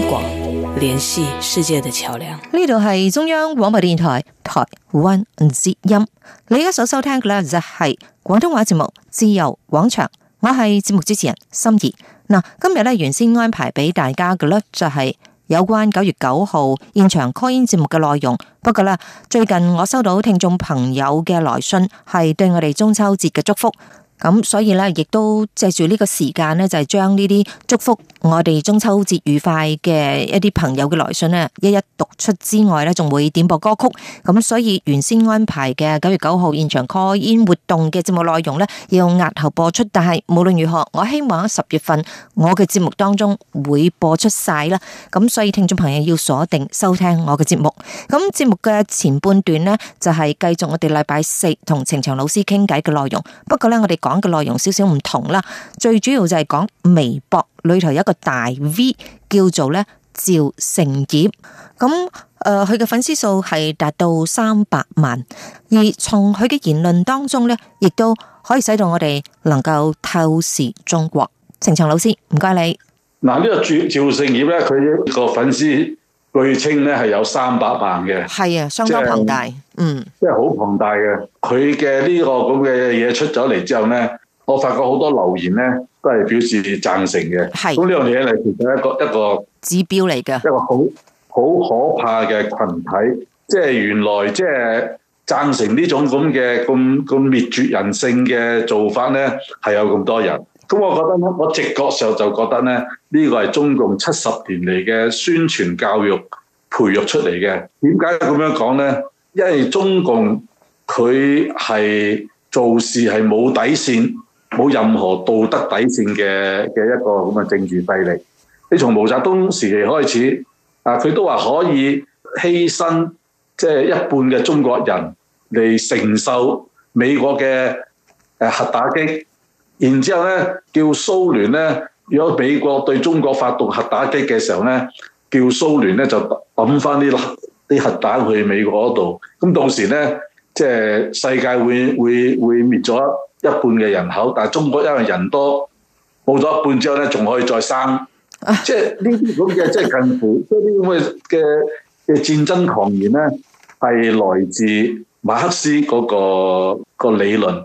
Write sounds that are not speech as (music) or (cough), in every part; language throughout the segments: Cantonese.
廣聯繫世界的橋樑，呢度係中央廣播電台台灣之音，你而家所收聽嘅咧就係廣東話節目《自由廣場》，我係節目主持人心儀。嗱，今日咧原先安排俾大家嘅咧就係有關九月九號現場 call in 節目嘅內容，不過咧最近我收到聽眾朋友嘅來信，係對我哋中秋節嘅祝福。咁所以咧，亦都借住呢個時間咧，就係將呢啲祝福我哋中秋節愉快嘅一啲朋友嘅來信咧，一一讀出之外咧，仲會點播歌曲。咁所以原先安排嘅九月九號現場 call in 活動嘅節目內容咧，要押後播出。但係無論如何，我希望喺十月份我嘅節目當中會播出晒啦。咁所以聽眾朋友要鎖定收聽我嘅節目。咁節目嘅前半段咧，就係繼續我哋禮拜四同程翔老師傾偈嘅內容。不過咧，我哋講。講嘅內容少少唔同啦，最主要就係講微博裏頭有一個大 V 叫做咧趙盛燁，咁誒佢嘅粉絲數係達到三百萬，而從佢嘅言論當中咧，亦都可以使到我哋能夠透視中國。程翔老師唔該你。嗱呢個趙趙盛燁咧，佢個粉絲。據稱咧係有三百萬嘅，係啊，相當龐大，嗯，即係好龐大嘅。佢嘅呢個咁嘅嘢出咗嚟之後咧，我發覺好多留言咧都係表示贊成嘅。係，咁呢樣嘢嚟其實係一個一個指標嚟嘅，一個好好可怕嘅群體。即係原來即係贊成呢種咁嘅咁咁滅絕人性嘅做法咧，係有咁多人。咁我覺得咧，我直覺上就覺得咧，呢個係中共七十年嚟嘅宣傳教育培育出嚟嘅。點解咁樣講呢？因為中共佢係做事係冇底線，冇任何道德底線嘅嘅一個咁嘅政治勢力。你從毛澤東時期開始，啊，佢都話可以犧牲即係一半嘅中國人嚟承受美國嘅核打擊。然之後咧，叫蘇聯咧，如果美國對中國發動核打擊嘅時候咧，叫蘇聯咧就抌翻啲核啲核彈去美國嗰度。咁到時咧，即係世界會會會滅咗一半嘅人口。但係中國因為人多，冇咗一半之後咧，仲可以再生。即係呢啲咁嘅，即係近乎即係呢啲咁嘅嘅嘅戰爭狂言咧，係來自馬克思嗰個個理論。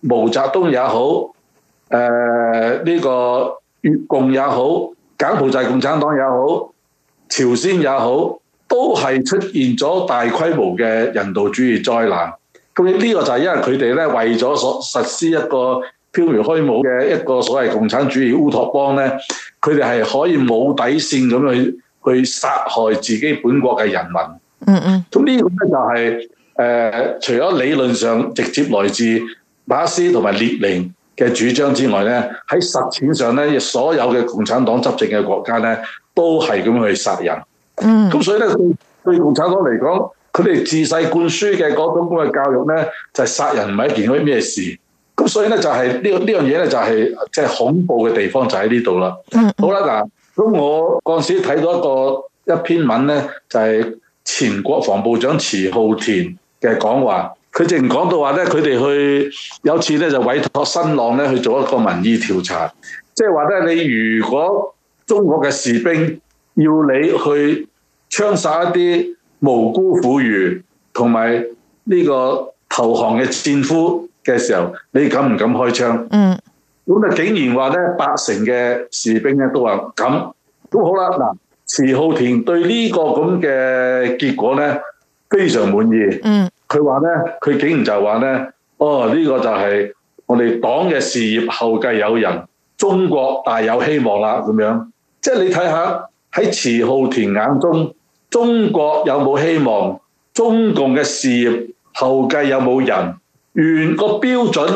毛澤東也好，誒、呃、呢、這個越共也好，柬埔寨共產黨也好，朝鮮也好，都係出現咗大規模嘅人道主義災難。咁呢個就係因為佢哋咧為咗所實施一個縹緲虛無嘅一個所謂共產主義烏托邦咧，佢哋係可以冇底線咁去去殺害自己本國嘅人民。嗯嗯、就是。咁呢個咧就係誒，除咗理論上直接來自。馬克思同埋列寧嘅主張之外咧，喺實踐上咧，所有嘅共產黨執政嘅國家咧，都係咁樣去殺人。嗯，咁所以咧，對，對共產黨嚟講，佢哋自細灌輸嘅嗰種咁嘅教育咧，就係、是、殺人唔係一件咩事。咁所以咧，就係、是、這個這個、呢呢樣嘢咧，就係即係恐怖嘅地方就喺呢度啦。嗯，好啦，嗱，咁我嗰陣時睇到一個一篇文咧，就係、是、前國防部長遲浩田嘅講話。佢直情講到話咧，佢哋去有次咧就委託新浪咧去做一個民意調查，即係話咧，你如果中國嘅士兵要你去槍殺一啲無辜婦孺同埋呢個投降嘅戰俘嘅時候，你敢唔敢開槍？嗯，咁啊，竟然話咧，八成嘅士兵咧都話敢，都好啦。嗱，遲浩田對呢個咁嘅結果咧非常滿意。嗯。佢話呢，佢竟然就話呢，哦，呢個就係我哋黨嘅事業後繼有人，中國大有希望啦咁樣。即係你睇下喺遲浩田眼中，中國有冇希望？中共嘅事業後繼有冇人？原個標準，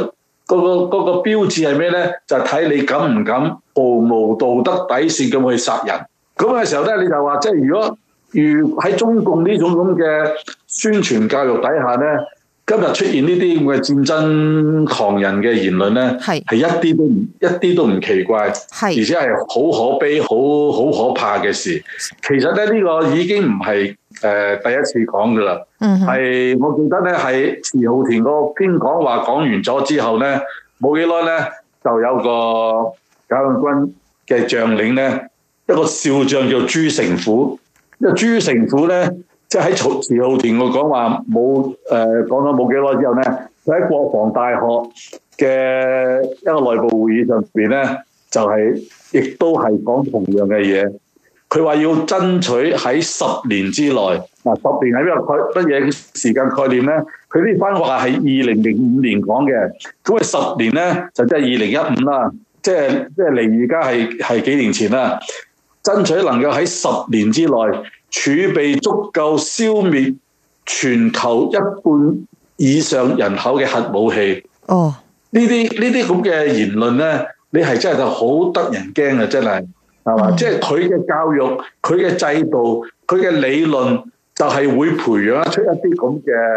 嗰個嗰個標誌係咩呢？就係睇你敢唔敢毫無道德底線咁去殺人。咁嘅時候呢，你就話即係如果。如喺中共呢種咁嘅宣傳教育底下呢，今日出現呢啲咁嘅戰爭狂人嘅言論咧，係是一啲都唔一啲都唔奇怪，是而且係好可悲、好好可怕嘅事。其實咧，呢、這個已經唔係誒第一次講㗎喇，係、嗯、哼我記得呢係遲浩田個篇講話講完咗之後呢冇幾耐呢，就有個解放軍嘅將領呢，一個少將叫朱成虎。即朱成虎咧，即係喺遲浩田個講話冇誒講咗冇幾耐之後咧，佢喺國防大學嘅一個內部會議上邊咧，就係、是、亦都係講同樣嘅嘢。佢話要爭取喺十年之內，嗱十年係因為佢乜嘢時間概念咧？佢呢番話係二零零五年講嘅，咁啊十年咧就即係二零一五啦，即係即係離而家係係幾年前啦。爭取能夠喺十年之內儲備足夠消滅全球一半以上人口嘅核武器。哦、oh.，這這呢啲呢啲咁嘅言論咧，你係真係好得人驚啊！真係係嘛，mm hmm. 即係佢嘅教育、佢嘅制度、佢嘅理論，就係、是、會培養出一啲咁嘅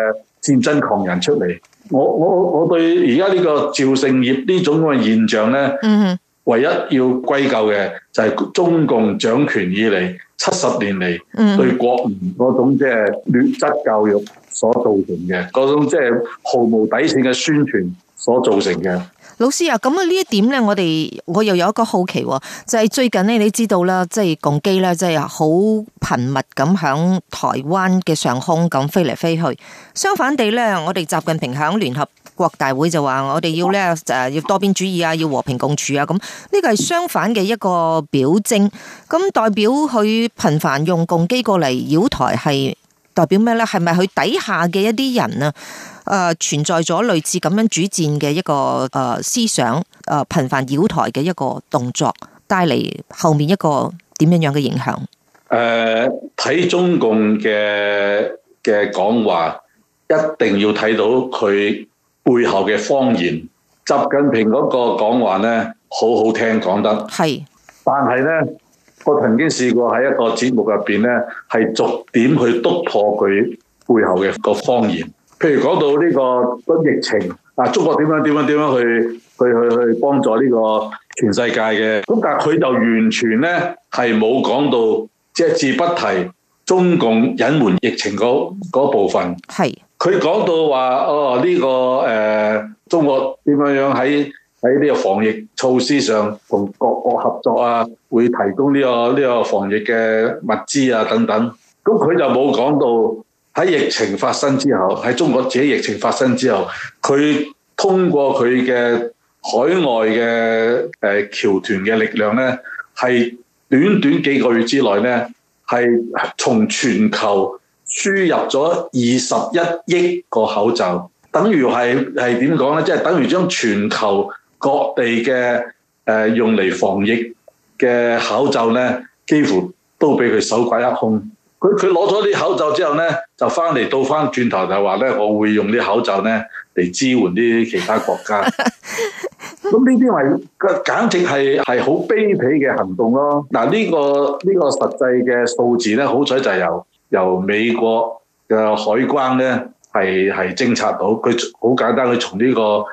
戰爭狂人出嚟。我我我對而家呢個趙盛燁呢種咁嘅現象咧，嗯、mm。Hmm. 唯一要歸咎嘅就係中共掌權以嚟七十年嚟對國民嗰種即係劣質教育所造成嘅嗰種即係毫無底線嘅宣傳所造成嘅。老師啊，咁啊呢一點咧，我哋我又有一個好奇，就係最近呢，你知道啦，即係共機咧，即係好頻密咁響台灣嘅上空咁飛嚟飛去。相反地咧，我哋習近平響聯合國大會就話我哋要咧誒要多邊主義啊，要和平共處啊，咁呢個係相反嘅一個表徵，咁代表佢頻繁用共機過嚟繞台係。代表咩咧？係咪佢底下嘅一啲人啊？誒、呃、存在咗類似咁樣主戰嘅一個誒、呃、思想誒頻、呃、繁繞台嘅一個動作，帶嚟後面一個點樣樣嘅影響。誒睇中共嘅嘅講話一定要睇到佢背後嘅謊言。習近平嗰個講話咧，好好聽，講得係，是但係咧。我曾經試過喺一個節目入邊呢，係逐點去篤破佢背後嘅個謊言。譬如講到呢個疫情啊，中國點樣點樣點樣去去去去幫助呢個全世界嘅。咁但係佢就完全呢，係冇講到隻字不提中共隱瞞疫情嗰部分。係佢講到話哦，呢、呢個誒、呃、中國點樣樣喺，喺呢個防疫措施上同各國合作啊，會提供呢個呢個防疫嘅物資啊等等。咁佢就冇講到喺疫情發生之後，喺中國自己疫情發生之後，佢通過佢嘅海外嘅誒僑團嘅力量咧，係短短幾個月之內咧，係從全球輸入咗二十一億個口罩，等於係係點講咧？即係、就是、等於將全球各地嘅誒、呃、用嚟防疫嘅口罩咧，幾乎都俾佢手刮一空。佢佢攞咗啲口罩之後咧，就翻嚟倒翻轉頭，就話咧，我會用啲口罩咧嚟支援啲其他國家。咁呢啲咪簡直係係好卑鄙嘅行動咯。嗱、啊，呢個呢個實際嘅數字咧，好彩就由由美國嘅海關咧係係偵察到，佢好簡單，佢從呢個。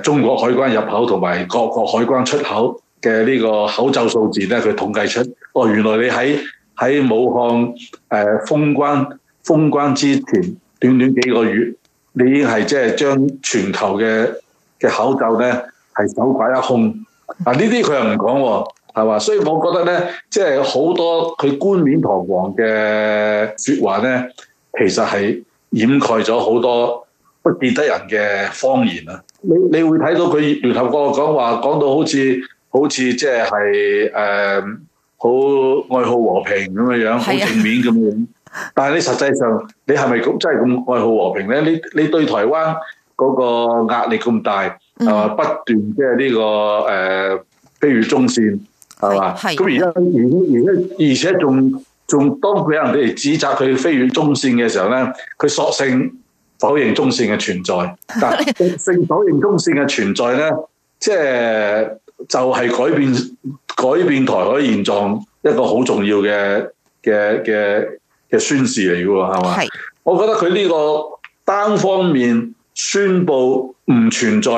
中國海關入口同埋各國海關出口嘅呢個口罩數字咧，佢統計出哦，原來你喺喺武漢誒、呃、封關封關之前短短幾個月，你已經係即係將全球嘅嘅口罩咧係收刮一空啊！呢啲佢又唔講喎，係嘛？所以我覺得咧，即係好多佢冠冕堂皇嘅説話咧，其實係掩蓋咗好多不見得人嘅謊言啊！你你會睇到佢聯合國講話講到好似好似即係誒好愛好和平咁嘅樣，好是、啊、正面咁樣。但係你實際上你係咪真係咁愛好和平咧？你你對台灣嗰個壓力咁大係嘛，嗯？不斷即係呢個誒、呃、飛越中線係嘛？咁而家而而而而且仲仲當佢俾人哋嚟指責佢飛越中線嘅時候咧，佢索性。否認中線嘅存在，但性否認中線嘅存在呢，即係就係、是、改變改變台海現狀一個好重要嘅嘅嘅宣示嚟噶喎，係嘛？是我覺得佢呢個單方面宣布唔存在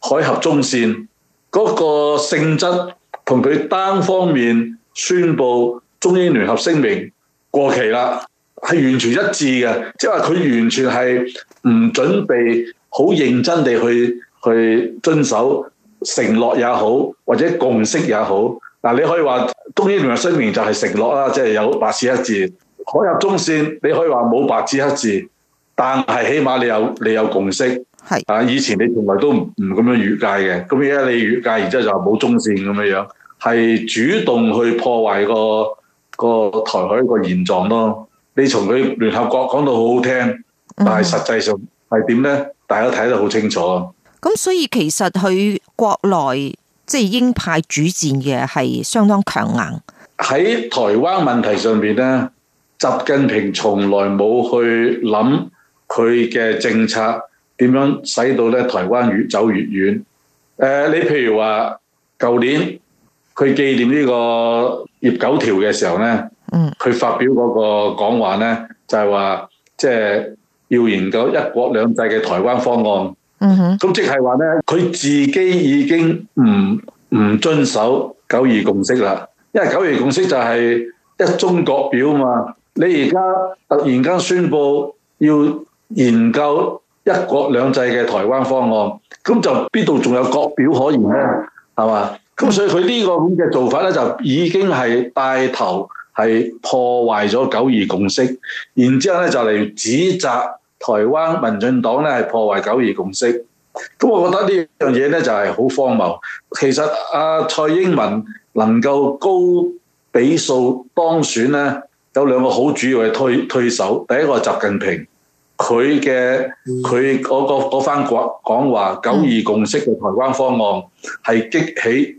海峽中線嗰、那個性質，同佢單方面宣布中英聯合聲明過期啦。係完全一致嘅，即係話佢完全係唔準備好認真地去去遵守承諾也好，或者共識也好。嗱，你可以話中英聯合聲明就係承諾啦，即係有白紙黑字。海峽中線，你可以話冇白紙黑字，但係起碼你有你有共識。係啊。是，以前你從來都唔咁樣越界嘅，咁而家你越界，然之後就冇中線咁樣樣，係主動去破壞個個台海個現狀咯。你從佢聯合國講到好好聽，但係實際上係點呢？大家睇得好清楚。咁、嗯、所以其實佢國內即係鷹派主戰嘅係相當強硬。喺台灣問題上邊呢，習近平從來冇去諗佢嘅政策點樣使到咧台灣越走越遠。誒、呃，你譬如話舊年佢紀念呢、這個葉九條嘅時候呢。嗯，佢發表嗰個講話咧，就係話即係要研究一國兩制嘅台灣方案。嗯哼，咁即係話咧，佢自己已經唔唔遵守九二共識啦。因為九二共識就係一中國表嘛。你而家突然間宣布要研究一國兩制嘅台灣方案，咁就邊度仲有國表可言咧？係嘛？咁所以佢呢個咁嘅做法咧，就已經係帶頭，係破壞咗九二共識，然之後咧就嚟指責台灣民進黨咧係破壞九二共識。咁我覺得樣呢樣嘢咧就係、是、好荒謬。其實阿、啊、蔡英文能夠高比數當選咧，有兩個好主要嘅推推手。第一個係習近平，佢嘅佢嗰個嗰番講講話九二共識嘅台灣方案，係激起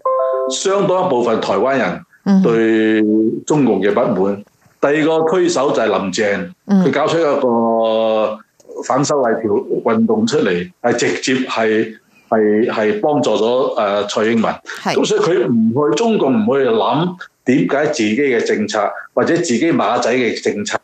相當一部分台灣人。嗯、對中共嘅不滿，第二個推手就係林鄭，佢、嗯、哼搞出一個反修例條運動出嚟，係直接係係係幫助咗誒蔡英文。咁是所以佢唔去中共，唔去諗點解自己嘅政策或者自己馬仔嘅政策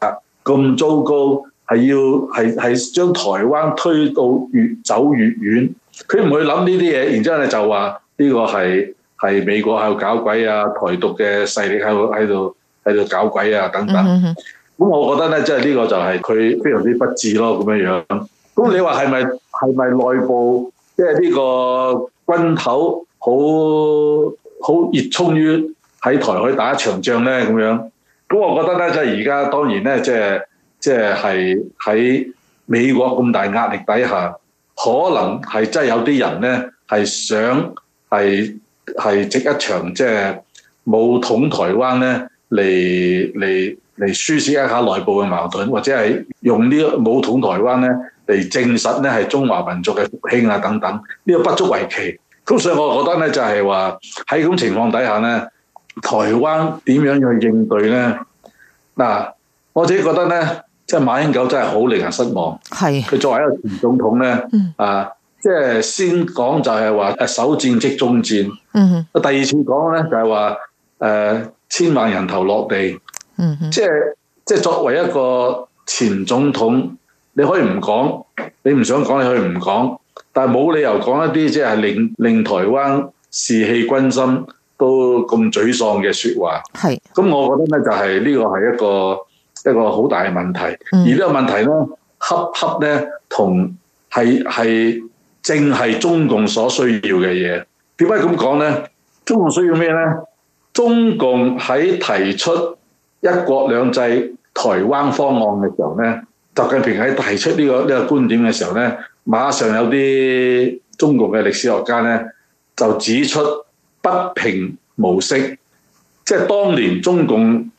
咁糟糕，係、嗯、要係係將台灣推到越走越遠。佢唔去諗呢啲嘢，然之後咧就話呢個係。係美國喺度搞鬼啊，台獨嘅勢力喺度喺度喺度搞鬼啊等等。咁、mm hmm. 我覺得咧，即係呢個就係佢非常之不智咯咁樣樣。咁你話係咪係咪內部即係呢個軍頭好好熱衷於喺台海打一場仗咧？咁樣咁我覺得咧，即係而家當然咧，即係即係喺美國咁大壓力底下，可能係真係有啲人咧係想係。係藉一場即係武統台灣咧，嚟嚟嚟宣洩一下內部嘅矛盾，或者係用呢個武統台灣咧嚟證實咧係中華民族嘅復興啊等等，呢、呢個不足為奇。咁所以我覺得咧，就係話喺咁情況底下咧，台灣點樣去應對咧？嗱、啊，我自己覺得咧，即係馬英九真係好令人失望。係佢是作為一個前總統咧，啊、嗯。即係先講就係話誒首戰即終戰，嗯哼第二次講咧就係話誒千萬人頭落地，嗯哼。即係即係作為一個前總統，你可以唔講，你唔想講你可以唔講，但係冇理由講一啲即係令令台灣士氣軍心都咁沮喪嘅説話。係的。咁我覺得咧就係、是、呢個係一個一個好大嘅問題。嗯、而呢個問題咧，恰恰咧同係係。正係中共所需要嘅嘢。點解咁講呢？中共需要咩呢？中共喺提出一國兩制台灣方案嘅時候呢，習近平喺提出呢個呢個觀點嘅時候呢，馬上有啲中國嘅歷史學家呢就指出北平模式，即係當年中共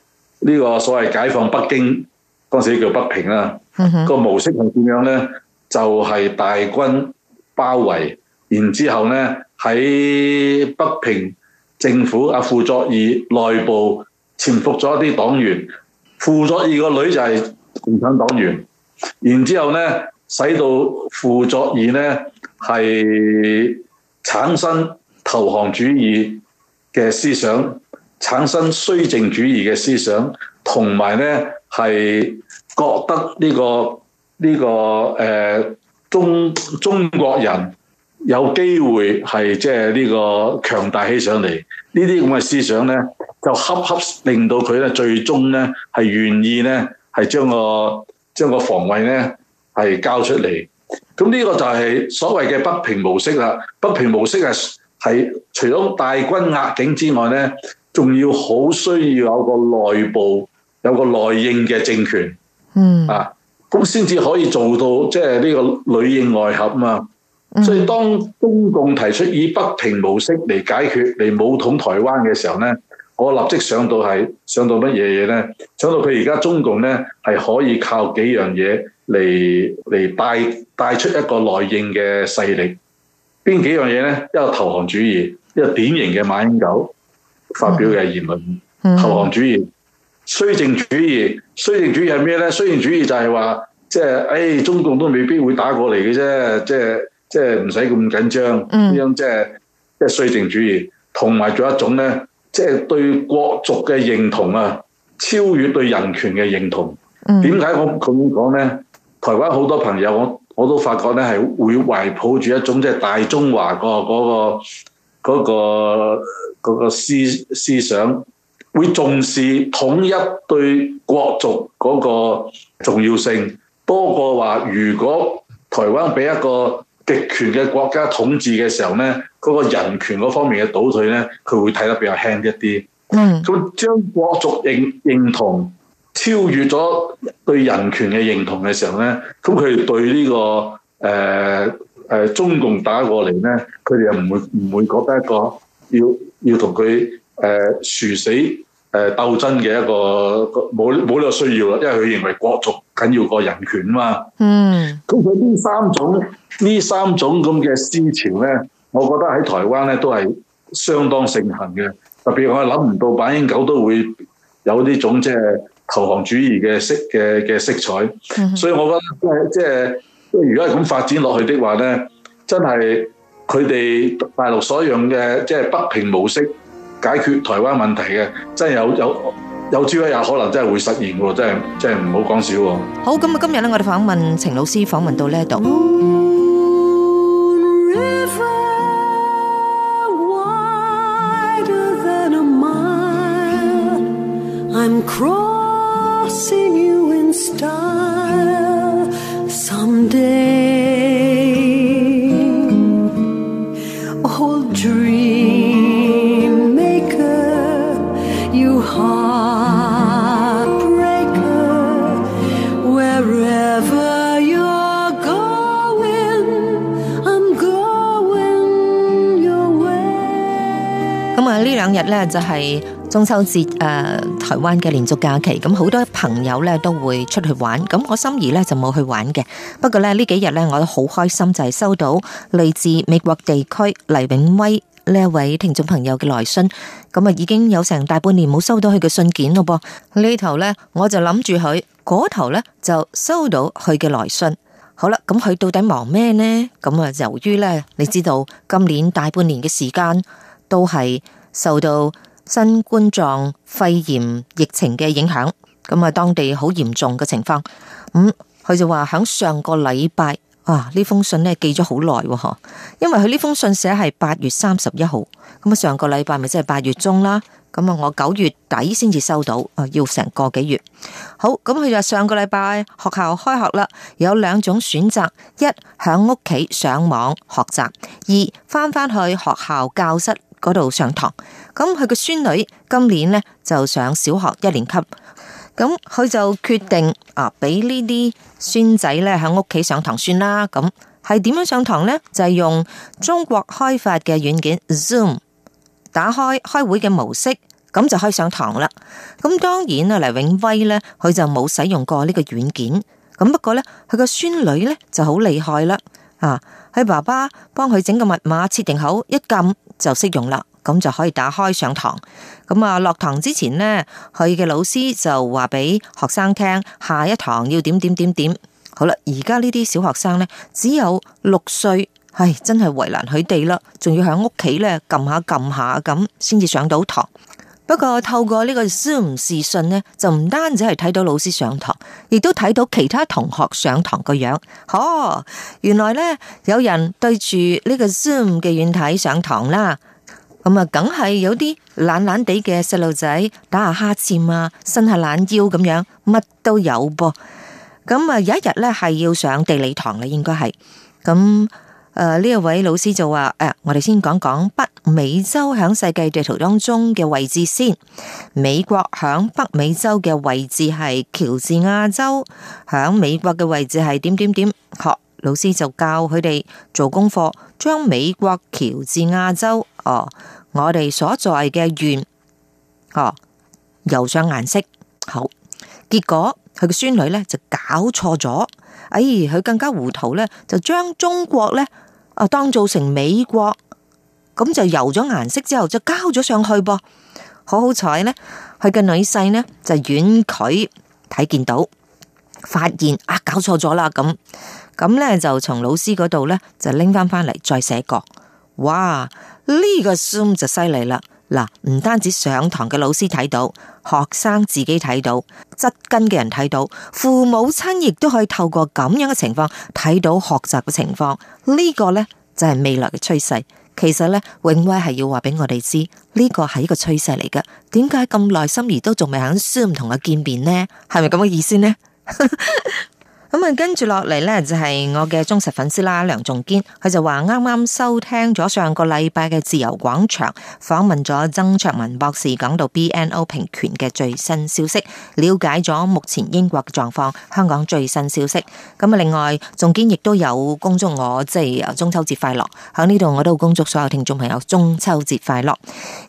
呢個所謂解放北京嗰時叫北平啦，個模式係點樣呢？就係大軍包圍，然之後呢，喺北平政府阿傅作義內部潛伏咗一啲黨員，傅作義個女就係共產黨員，然之後呢，使到傅作義呢係產生投降主義嘅思想，產生衰政主義嘅思想，同埋呢係覺得呢、呢個呢、呢個誒。呃中中國人有機會係即係呢個強大起上嚟，呢啲咁嘅思想呢，就恰恰令到佢呢最終呢係願意呢，係將個將個防衛呢係交出嚟。咁呢個就係所謂嘅北平模式啦。北平模式啊，係除咗大軍壓境之外呢，仲要好需要有個內部有個內應嘅政權，嗯啊。咁先至可以做到，即係呢個裏應外合嘛。所以當中共提出以北平模式嚟解決嚟武統台灣嘅時候咧，我立即想到係想到乜嘢嘢咧？想到佢而家中共咧係可以靠幾樣嘢嚟嚟帶帶出一個內應嘅勢力。邊幾樣嘢咧？一個投降主義，一個典型嘅馬英九發表嘅言論，嗯嗯嗯投降主義。綏靖主義，綏靖主義係咩咧？綏靖主義就係話，即係，誒，中共都未必會打過嚟嘅啫，即係，即係唔使咁緊張，呢種即係，即係綏靖主義。同埋仲有一種咧，即係對國族嘅認同啊，超越對人權嘅認同。點解、嗯、我咁講咧？台灣好多朋友我，我我都發覺咧係會懷抱住一種即係大中華嗰個嗰個嗰個嗰個思思想。會重視統一對國族嗰個重要性，多過話如果台灣俾一個極權嘅國家統治嘅時候咧，嗰個人權嗰方面嘅倒退咧，佢會睇得比較輕一啲。嗯，咁將國族認認同超越咗對人權嘅認同嘅時候咧，這個，咁佢哋對呢個誒誒中共打過嚟咧，佢哋又唔會唔會覺得一個要要同佢誒殊死。誒鬥爭嘅一個冇冇呢個需要啦，因為佢認為國族緊要過人權啊嘛。嗯。咁佢呢三種呢三種咁嘅思潮咧，我覺得喺台灣咧都係相當盛行嘅。特別我係諗唔到版英九都會有呢種即係、就是、投降主義嘅色嘅嘅色彩。所以我覺得即係即係如果係咁發展落去的話咧，真係佢哋大陸所用嘅即係北平模式解決台灣問題嘅真係有有有朝一日可能真係會實現喎，真係真係唔好講少喎。好，咁，今日咧我哋訪問程老師，訪問到呢一度。咁啊！呢兩日呢，就係中秋節，誒、呃，台灣嘅連續假期，咁好多朋友呢，都會出去玩。咁我心儀呢，就冇去玩嘅。不過咧呢幾日呢，我都好開心，就係收到嚟自美國地區黎永威呢位聽眾朋友嘅來信。咁啊，已經有成大半年冇收到佢嘅信件咯噃。呢頭咧我就諗住佢嗰頭呢，就收到佢嘅來信。好啦，咁佢到底忙咩呢？咁啊，由於呢，你知道今年大半年嘅時間。都係受到新冠狀肺炎疫情嘅影響，咁啊當地好嚴重嘅情況。咁、嗯、佢就話響上個禮拜啊，呢封信咧寄咗好耐，因為佢呢封信寫係八月三十一號，咁啊上個禮拜咪即係八月中啦。咁啊我九月底先至收到，啊要成個幾月。好，咁佢就上個禮拜學校開學啦，有兩種選擇：一響屋企上網學習；二翻返去學校教室。嗰度上堂，咁佢個孫女今年呢就上小學一年級，咁佢就決定啊，俾呢啲孫仔呢喺屋企上堂算啦。咁係點樣上堂呢？就係用中國開發嘅軟件 Zoom 打開開會嘅模式，咁就可以上堂啦。咁當然啊，黎永威呢佢就冇使用過呢個軟件。咁不過呢，佢個孫女呢就好厲害啦。啊，佢爸爸幫佢整個密碼設定好，一撳。就識用啦，咁就可以打開上堂。咁啊，落堂之前呢，佢嘅老師就話俾學生聽下一堂要點點點點。好啦，而家呢啲小學生呢，只有六歲，唉，真係為難佢哋啦，仲要喺屋企呢撳下撳下咁先至上到堂。不過透過呢個 Zoom 視訊呢，就唔單止係睇到老師上堂，亦都睇到其他同學上堂個樣。哦，原來呢，有人對住呢個 Zoom 嘅軟體上堂啦。咁啊，梗係有啲懶懶地嘅細路仔打下哈欠啊，伸下懶腰咁樣，乜都有噃。咁啊，有一日呢，係要上地理堂嘅，應該係咁。呢一，呃、位老師就話：誒、哎，我哋先講講北美洲響世界地圖當中嘅位置先。美國響北美洲嘅位置係喬治亞州，響美國嘅位置係點點點。學老師就教佢哋做功課，將美國喬治亞州——哦，我哋所在嘅縣哦，塗上顏色。好，結果佢個孫女呢就搞錯咗，哎，佢更加糊塗呢，就將中國呢。啊，當做成美國咁就油咗顏色之後就交咗上去噃，好好彩呢，佢嘅女婿呢就遠距離睇見到，發現啊搞錯咗啦咁，咁呢，就從老師嗰度呢，就拎翻翻嚟再寫過，哇呢、呢個 Zoom 就犀利啦，嗱唔單止上堂嘅老師睇到。學生自己睇到，側近嘅人睇到，父母親亦都可以透過咁樣嘅情況睇到學習嘅情況。呢、這個呢，就係、是、未來嘅趨勢。其實呢，永威係要話俾我哋知，呢、這個係一個趨勢嚟㗎。點解咁耐心而都仲未肯殊同佢見面呢？係咪咁嘅意思呢？ (laughs) 咁啊，跟住落嚟呢，就係我嘅忠實粉絲啦，梁仲堅，佢就話啱啱收聽咗上個禮拜嘅自由廣場訪問咗曾卓文博士，講到 BNO 平權嘅最新消息，了解咗目前英國嘅狀況，香港最新消息。咁啊，另外仲堅亦都有恭祝我，即係中秋節快樂。喺呢度我都好恭祝所有聽眾朋友中秋節快樂。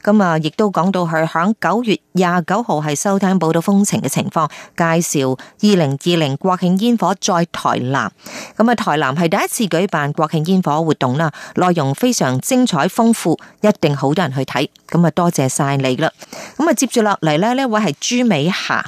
咁啊，亦都講到佢響九月廿九號係收聽報道風情嘅情況，介紹二零二零國慶煙火在台南。咁啊，台南係第一次舉辦國慶煙火活動啦，內容非常精彩豐富，一定好多人去睇。咁啊，多謝晒你啦。咁啊，接住落嚟呢位係朱美霞，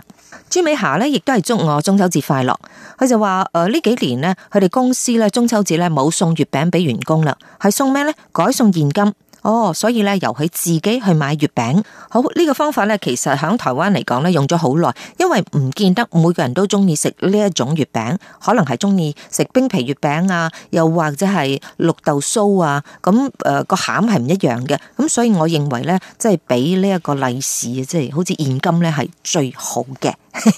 朱美霞呢，亦都係祝我中秋節快樂。佢就話：誒、呃、呢幾年呢，佢哋公司呢，中秋節呢冇送月餅俾員工啦，係送咩呢？改送現金。哦，所以咧由佢自己去買月餅，好，呢個方法咧，其實喺台灣嚟講咧用咗好耐，因為唔見得每個人都中意食呢一種月餅，可能係中意食冰皮月餅啊，又或者係綠豆酥啊，咁誒個餡係唔一樣嘅，咁所以我認為咧，即係俾呢一個利是，即係好似現金咧係最好嘅。 (laughs)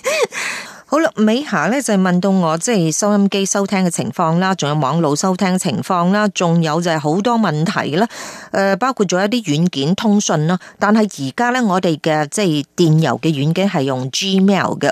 好啦，美霞咧就係、是、問到我即係、就是、收音機收聽嘅情況啦，仲有網路收聽情況啦，仲有就係好多問題啦。誒、呃，包括咗一啲軟件通訊啦。但係而家咧，我哋嘅即係電郵嘅軟件係用 Gmail 嘅，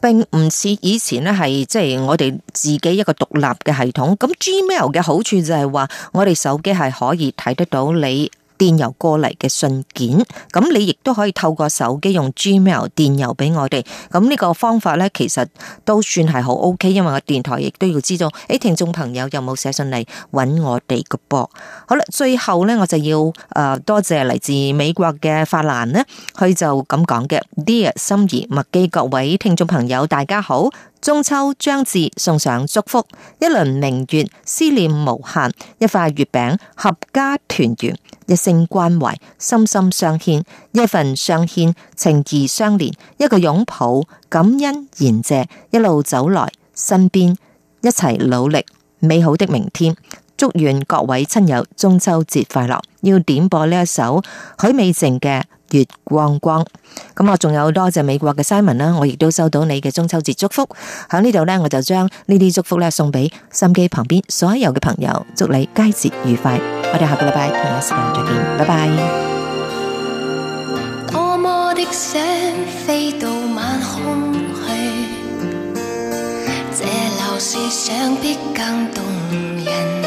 並唔似以前咧係即係我哋自己一個獨立嘅系統。咁 Gmail 嘅好處就係話我哋手機係可以睇得到你。電郵過嚟嘅信件，咁你亦都可以透過手機用 Gmail 電郵俾我哋。咁呢個方法呢，其實都算係好 OK，因為我電台亦都要知道，誒，聽眾朋友有冇寫信嚟搵我哋個噃。好啦，最後呢，我就要誒、呃、多謝嚟自美國嘅法蘭呢，佢就咁講嘅 Dear 心儀麥基，各位聽眾朋友大家好。中秋將至，送上祝福。一輪明月，思念無限；一塊月餅，合家團圓；一聲關懷，心心相牽；一份相牽，情意相連；一個擁抱，感恩言謝。一路走來，身邊一齊努力，美好的明天。祝願各位親友中秋節快樂！要點播呢一首許美靜嘅《月光光》。咁我仲有多謝美國嘅 Simon 啦，我亦都收到你嘅中秋節祝福。喺呢度呢，我就將呢啲祝福呢送俾心機旁邊所有嘅朋友，祝你佳節愉快！我哋下個禮拜同一時間再見，拜拜。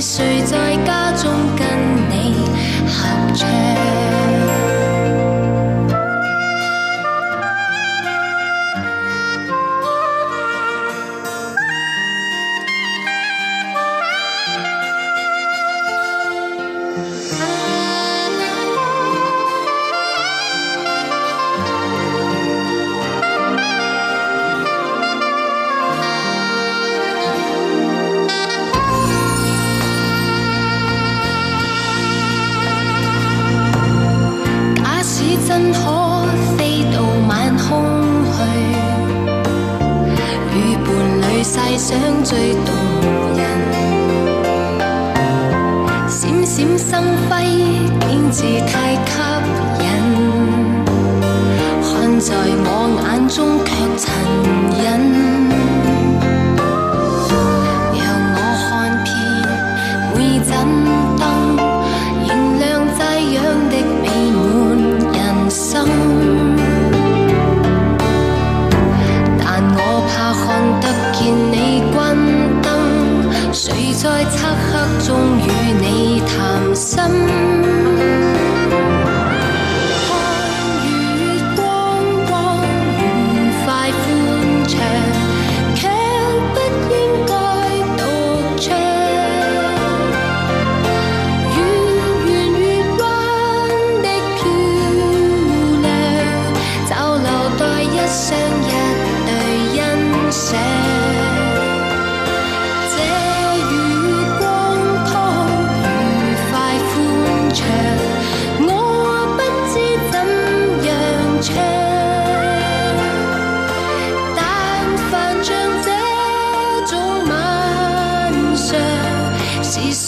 誰在家中跟你合唱？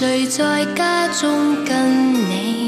誰在家中跟你？